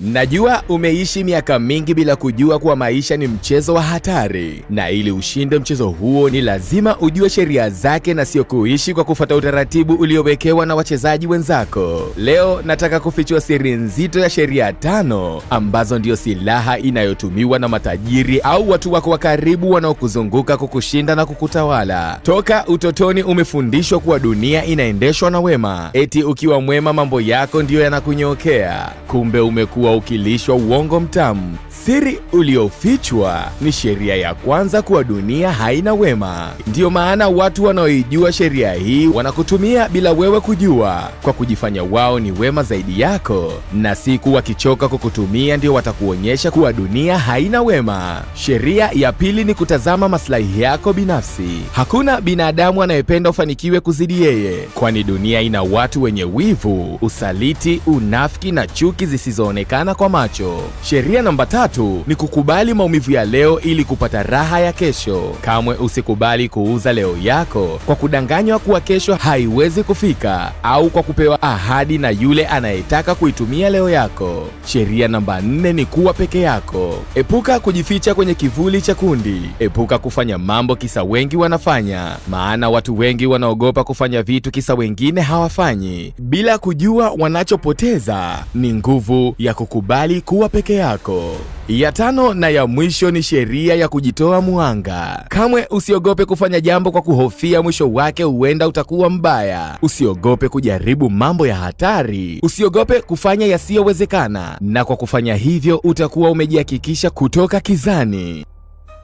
Najua umeishi miaka mingi bila kujua kuwa maisha ni mchezo wa hatari, na ili ushinde mchezo huo ni lazima ujue sheria zake na sio kuishi kwa kufuata utaratibu uliowekewa na wachezaji wenzako. Leo nataka kufichua siri nzito ya sheria tano ambazo ndio silaha inayotumiwa na matajiri au watu wako wa karibu wanaokuzunguka kukushinda na kukutawala. Toka utotoni umefundishwa kuwa dunia inaendeshwa na wema, eti ukiwa mwema mambo yako ndiyo yanakunyokea, kumbe umekuwa ukilishwa uongo mtamu Siri uliofichwa ni sheria ya kwanza kuwa dunia haina wema. Ndiyo maana watu wanaoijua sheria hii wanakutumia bila wewe kujua, kwa kujifanya wao ni wema zaidi yako, na siku wakichoka kukutumia ndio watakuonyesha kuwa dunia haina wema. Sheria ya pili ni kutazama maslahi yako binafsi. Hakuna binadamu anayependa ufanikiwe kuzidi yeye, kwani dunia ina watu wenye wivu, usaliti, unafiki na chuki zisizoonekana kwa macho. Sheria namba tatu tu ni kukubali maumivu ya leo ili kupata raha ya kesho. Kamwe usikubali kuuza leo yako kwa kudanganywa kuwa kesho haiwezi kufika au kwa kupewa ahadi na yule anayetaka kuitumia leo yako. Sheria namba nne ni kuwa peke yako. Epuka kujificha kwenye kivuli cha kundi. Epuka kufanya mambo kisa wengi wanafanya, maana watu wengi wanaogopa kufanya vitu kisa wengine hawafanyi, bila kujua wanachopoteza ni nguvu ya kukubali kuwa peke yako. Ya tano na ya mwisho ni sheria ya kujitoa mwanga Kamwe usiogope kufanya jambo kwa kuhofia mwisho wake huenda utakuwa mbaya. Usiogope kujaribu mambo ya hatari, usiogope kufanya yasiyowezekana, na kwa kufanya hivyo utakuwa umejihakikisha kutoka kizani.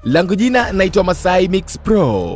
Langu jina naitwa Masai Mix Pro.